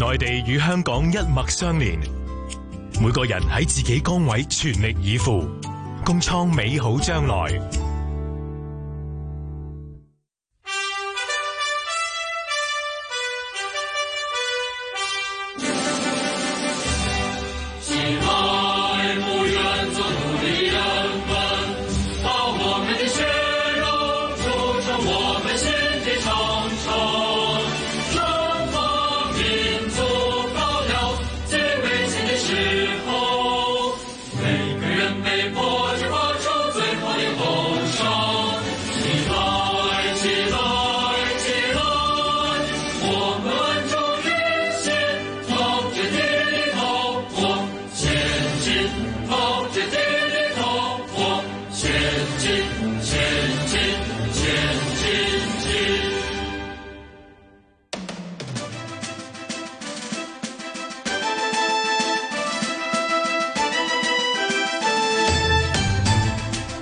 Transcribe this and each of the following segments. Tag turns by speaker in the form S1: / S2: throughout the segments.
S1: 內地與香港一脈相連，每個人喺自己崗位全力以赴，共創美好將來。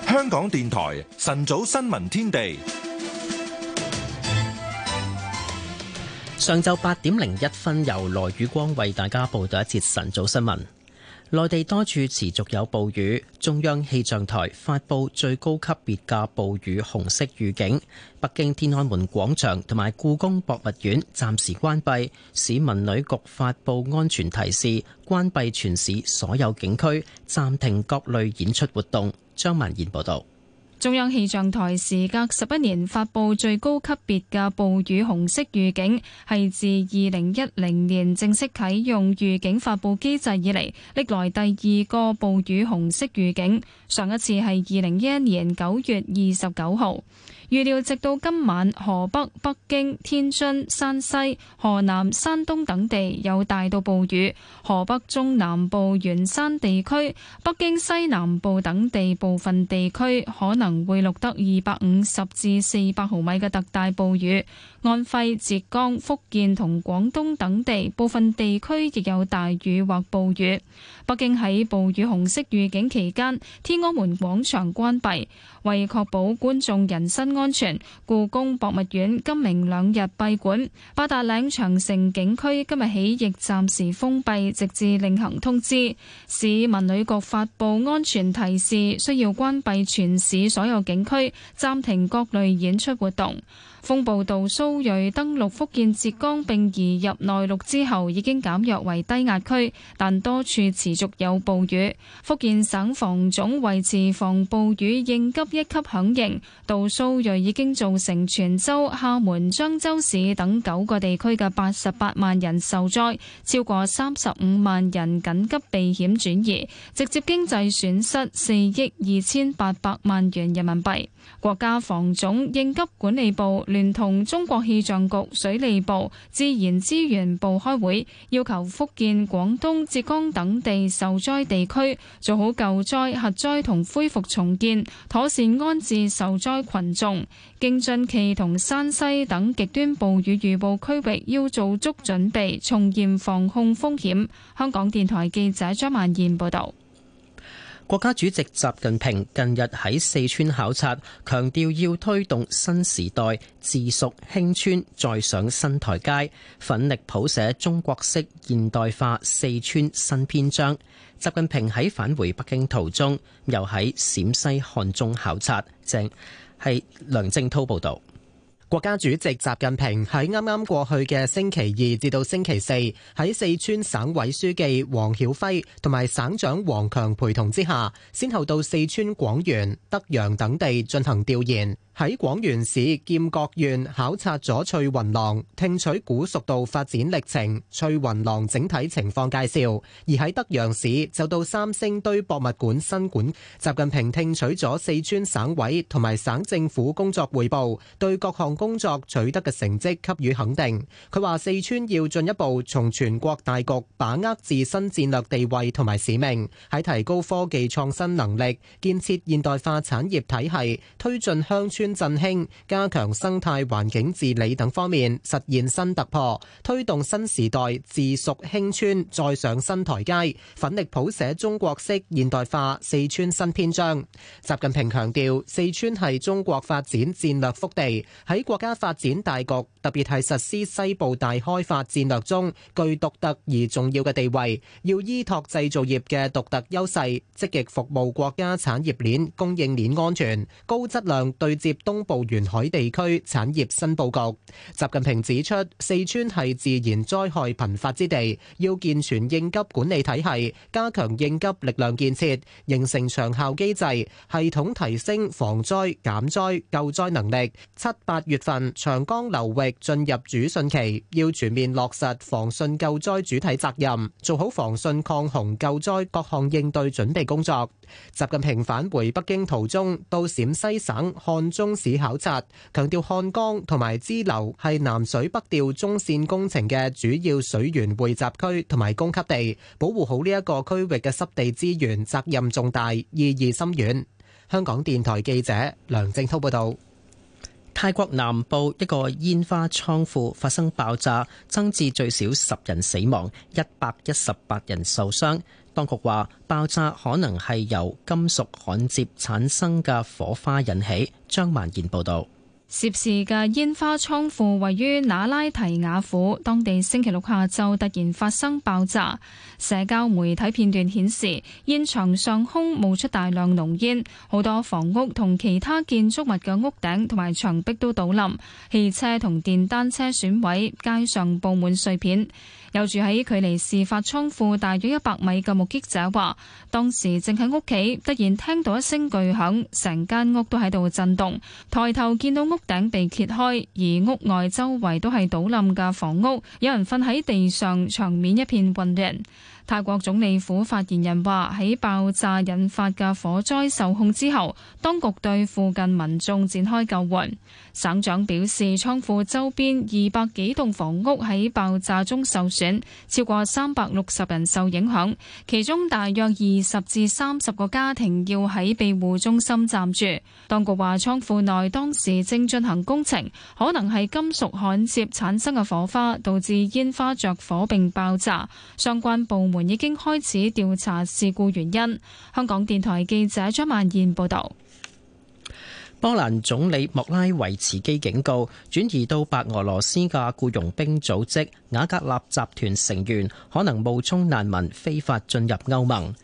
S1: 香港電台晨早新
S2: 聞天地，上晝八點零一分，由羅宇光為大家報道一節晨早新聞。內地多處持續有暴雨，中央氣象台發佈最高級別嘅暴雨紅色預警。北京天安門廣場同埋故宮博物院暫時關閉，市民旅局發佈安全提示，關閉全市所有景區，暫停各類演出活動。張文賢報導。
S3: 中央氣象台時隔十一年發佈最高級別嘅暴雨紅色預警，係自二零一零年正式啟用預警發佈機制以嚟歷來第二個暴雨紅色預警，上一次係二零一一年九月二十九號。預料直到今晚，河北、北京、天津、山西、河南、山東等地有大到暴雨；河北中南部、沿山地區、北京西南部等地部分地區可能會錄得二百五十至四百毫米嘅特大暴雨。安徽、浙江、福建同廣東等地部分地區亦有大雨或暴雨。北京喺暴雨紅色預警期間，天安門廣場關閉，為確保觀眾人身。安全，故宮博物院今明兩日閉館，八達嶺長城景區今日起亦暫時封閉，直至另行通知。市文旅局發布安全提示，需要關閉全市所有景區，暫停各類演出活動。風暴杜蘇瑞登陸福建浙江，並移入內陸之後，已經減弱為低壓區，但多處持續有暴雨。福建省防總維持防暴雨應急一級響應。杜蘇瑞已經造成泉州、廈門、漳州市等九個地區嘅八十八萬人受災，超過三十五萬人緊急避險轉移，直接經濟損失四億二千八百萬元人民幣。國家防總應急管理部聯同中國氣象局、水利部、自然資源部開會，要求福建、廣東、浙江等地受災地區，做好救災、核災同恢復重建，妥善安置受災群眾，京津冀同山西等極端暴雨預報區域要做足準備，從嚴防控風險，香港電台記者張曼燕報道。
S2: 國家主席習近平近日喺四川考察，強調要推動新時代治蜀興川再上新台階，奮力譜寫中國式現代化四川新篇章。習近平喺返回北京途中，又喺陝西漢中考察。正係梁正濤報道。國家主席習近平喺啱啱過去嘅星期
S1: 二至到星期四喺四川省委書記王曉輝同埋省長黃強陪同之下先後到四川廣元、德陽等地進行調研，喺廣元市劍閣縣考察咗翠雲廊，聽取古蜀道發展歷程、翠雲廊整體情況介紹。而喺德陽市就到三星堆博物館新館。習近平聽取咗四川省委同埋省政府工作匯報，對各項工作取得嘅成績給予肯定。佢話：四川要進一步從全國大局把握自身戰略地位同埋使命，喺提高科技創新能力、建設現代化產業體系、推進鄉村振興、加強生態環境治理等方面實現新突破，推動新時代治蜀興川再上新台階，奮力譜寫中國式現代化四川新篇章。習近平強調：四川係中國發展戰略腹地，喺國家發展大局，特別係實施西部大開發戰略中具獨特而重要嘅地位，要依託製造業嘅獨特優勢，積極服務國家產業鏈，供應鏈安全，高質量對接東部沿海地區產業新布局。習近平指出，四川係自然災害頻發之地，要健全應急管理體系，加強應急力量建設，形成長效機制，系統提升防災、減災、救災能力。七八月。月份長江流域進入主汛期，要全面落實防汛救災主體責任，做好防汛抗洪救災各項應對準備工作。習近平返回北京途中到陝西省漢中市考察強調，漢江同埋支流係南水北調中線工程嘅主要水源匯集區同埋供給地，保護好呢一個區域嘅濕地資源責任重大，意義深遠。香港電台記者梁正濤報道。
S2: 泰國南部一個煙花倉庫發生爆炸，增至最少十人死亡，一百一十八人受傷。當局話爆炸可能係由金屬焊接產生嘅火花引起。張曼賢報道。
S3: 涉事嘅煙花倉庫位於那拉提瓦府，當地星期六下晝突然發生爆炸。社交媒體片段顯示，現場上空冒出大量濃煙，好多房屋同其他建築物嘅屋頂同埋牆壁都倒冧，汽車同電單車損毀，街上佈滿碎片。有住喺距離事發倉庫大約一百米嘅目擊者話，當時正喺屋企，突然聽到一聲巨響，成間屋都喺度震動，抬頭見到屋。屋頂被揭開，而屋外周圍都係倒冧嘅房屋，有人瞓喺地上，場面一片混亂。泰國總理府發言人話：喺爆炸引發嘅火災受控之後，當局對附近民眾展開救援。省長表示，倉庫周邊二百幾棟房屋喺爆炸中受損，超過三百六十人受影響，其中大約二十至三十個家庭要喺庇護中心暫住。當局話，倉庫內當時正進行工程，可能係金屬焊接產生嘅火花導致煙花着火並爆炸。相關部門已經開始調查事故原因。香港電台記者張萬燕報道，
S2: 波蘭總理莫拉維茨基警告，轉移到白俄羅斯嘅僱傭兵組織瓦格納集團成員可能冒充難民非法進入歐盟。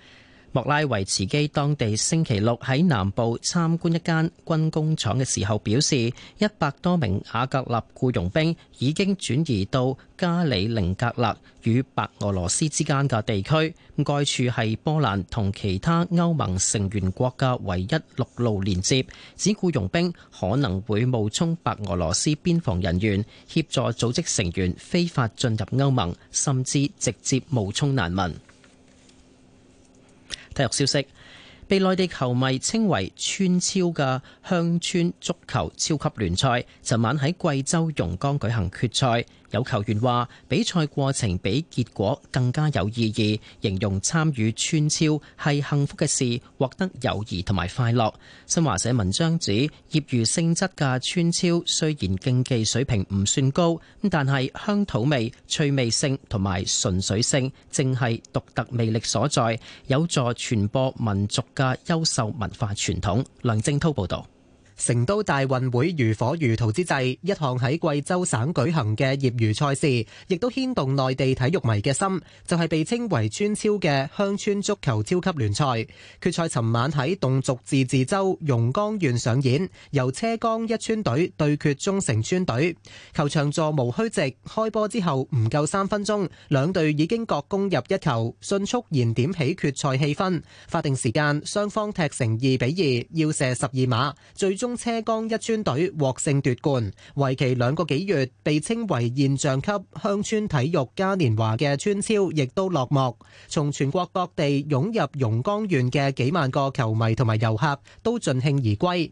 S2: 莫拉維茨基當地星期六喺南部參觀一間軍工廠嘅時候表示，一百多名亞格納僱傭兵已經轉移到加里寧格勒與白俄羅斯之間嘅地區，該處係波蘭同其他歐盟成員國嘅唯一陸路連接。指僱傭兵可能會冒充白俄羅斯邊防人員，協助組織成員非法進入歐盟，甚至直接冒充難民。體育消息。被內地球迷稱為村超嘅鄉村足球超級聯賽，尋晚喺貴州榕江舉行決賽。有球員話：比賽過程比結果更加有意義，形容參與村超係幸福嘅事，獲得友誼同埋快樂。新華社文章指，業餘性質嘅村超雖然競技水平唔算高，但係鄉土味、趣味性同埋純粹性，正係獨特魅力所在，有助傳播民族嘅優秀文化傳統，梁正濤報道。成都大
S1: 運會如火如荼之際，一項喺貴州省舉行嘅業餘賽事，亦都牽動內地體育迷嘅心。就係被稱為「村超」嘅鄉村足球超級聯賽決賽，尋晚喺侗族自治州榕江縣上演，由車江一村隊對決中城村隊。球場座無虛席，開波之後唔夠三分鐘，兩隊已經各攻入一球，迅速燃點起決賽氣氛。法定時間雙方踢成二比二，要射十二碼，最終中車江一村隊獲勝奪冠，為期兩個幾月，被稱為現象級鄉村體育嘉年華嘅村超亦都落幕。從全國各地湧入榕江縣嘅幾萬個球迷同埋遊客，都盡興而歸。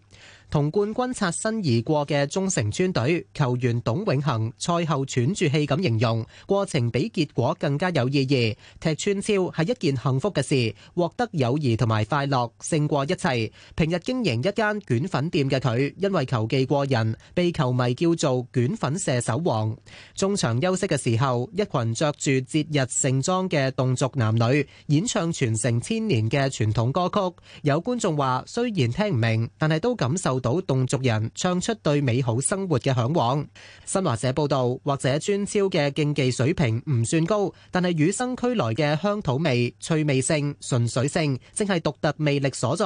S1: 同冠軍擦身而過嘅中城村隊球員董永恒賽後喘住氣咁形容過程比結果更加有意義。踢串超係一件幸福嘅事，獲得友誼同埋快樂勝過一切。平日經營一間卷粉店嘅佢，因為球技過人，被球迷叫做卷粉射手王。中場休息嘅時候，一群着住節日盛裝嘅侗族男女演唱傳承千年嘅傳統歌曲。有觀眾話：雖然聽唔明，但係都感受到侗族人唱出對美好生活嘅向往。新華社報道，或者村超嘅競技水平唔算高，但係與生俱來嘅鄉土味、趣味性、純粹性，正係獨特魅力所在。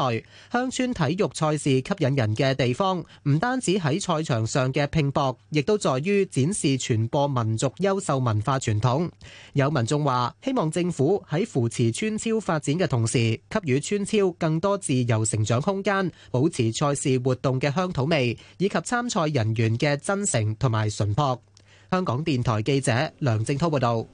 S1: 鄉村體育賽事吸引人嘅地方，唔單止喺賽場上嘅拼搏，亦都在於展示傳播民族優秀文化傳統。有民眾話希望政府喺扶持村超發展嘅同時，給予村超更多自由成長空間，保持賽事活活動嘅鄉土味以及參賽人員嘅真誠同埋純樸。香港電台記者梁正
S2: 濤報道。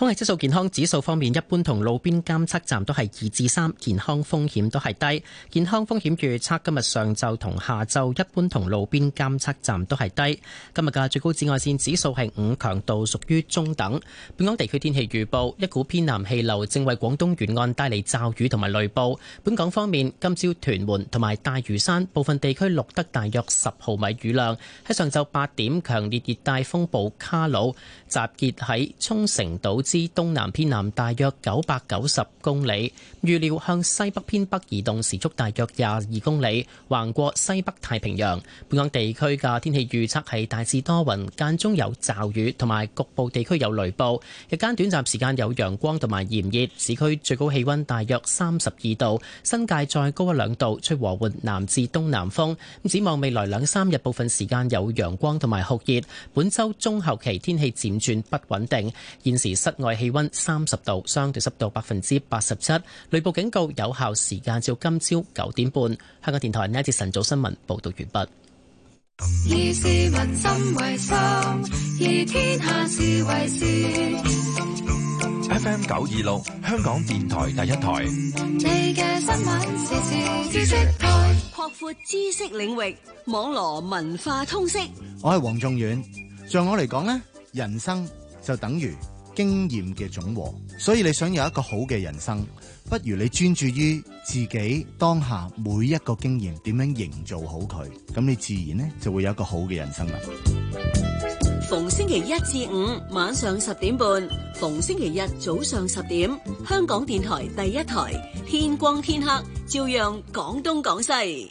S2: 空氣質素健康指數方面，一般同路邊監測站都係二至三，健康風險都係低。健康風險預測今日上晝同下晝一般同路邊監測站都係低。今日嘅最高紫外線指數係五，強度屬於中等。本港地區天氣預報，一股偏南氣流正為廣東沿岸帶嚟驟雨同埋雷暴。本港方面，今朝屯門同埋大嶼山部分地區錄得大約十毫米雨量。喺上晝八點，強烈熱帶風暴卡努集結喺沖繩島之東南偏南大約九百九十公里，預料向西北偏北移動，時速大約廿二公里，橫過西北太平洋。本港地區嘅天氣預測係大致多雲，間中有驟雨，同埋局部地區有雷暴。日間短暫時間有陽光同埋炎熱，市區最高氣溫大約三十二度，新界再高一兩度，吹和緩南至東南風。咁展望未來兩三日，部分時間有陽光同埋酷熱。本周中後期天氣漸轉不穩定，現時失。外氣溫三十度，相對濕度百分之八十七。雷暴警告有效時間至今朝九點半。香港電台呢一節晨早新聞報道完畢。
S1: 以市民心為心，以天下
S4: 事
S2: 為事。F.M. 九二六，香港電台第一台。
S3: 你嘅新聞時事
S4: 知識台，擴闊知識領域，網羅文化通識。
S1: 我係黃仲遠，像我嚟講呢，人生就等於。經驗嘅總和，所以你想有一個好嘅人生，不如你專注於自己當下每一個經驗點樣營造好佢，咁你自然呢就會有一個好嘅人生啦。
S4: 逢星期一至五晚上十點半，逢星期日早上十點，香港電台第一台，天光天黑，照樣講東講西。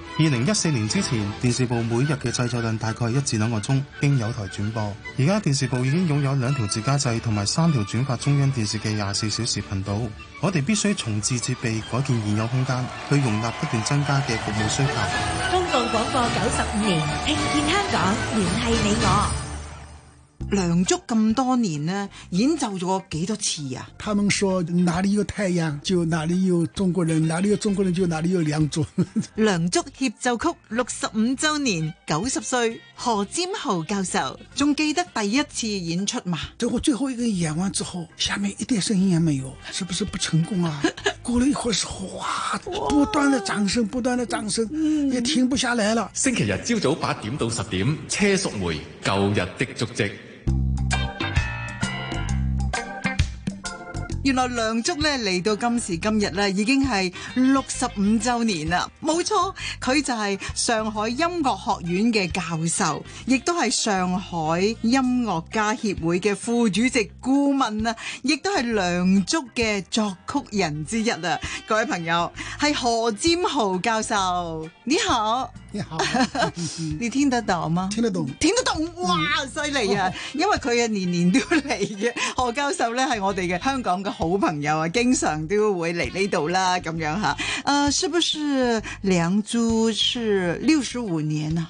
S1: 二零一四年之前，電視部每日嘅製作量大概一至兩個鐘，經有台轉播。而家電視部已經擁有兩條自家製同埋三條轉發中央電視嘅廿四小時頻道。我哋必須重置設備，改建現有空間，去容納不斷增加嘅服務需求。公
S4: 共廣播九十五年，聽見香港，聯繫你我。梁祝咁多年咧，演奏咗幾多次啊？他們說哪裡有太陽就哪裡有中國人，哪裡有中國人就哪裡有梁祝。 梁祝協奏曲六十五周年，九十歲何占豪教授仲記得第一次演出嘛？最後最後一個演完之後，下面一點聲音也沒有，是不是不成功啊？過了一會時候，嘩， 不斷的掌聲，不斷的掌聲，嗯、也停不下來了。星
S1: 期日朝早八點到十點，車淑梅
S4: 舊日的足跡。原來梁祝咧，嚟到今時今日啦，已經係六十五周年啦，冇錯，佢就係上海音樂學院嘅教授，亦都係上海音樂家協會嘅副主席顧問啊，亦都係梁祝嘅作曲人之一啦，各位朋友，係何占豪教授，你好。你聽得到嗎？聽得懂，聽得懂，哇！犀利啊！因為佢啊年年都嚟嘅，何教授咧係我哋嘅香港嘅好朋友啊，經常都會嚟呢度啦，咁樣吓。誒、呃，是不是梁祝是六十五年啊？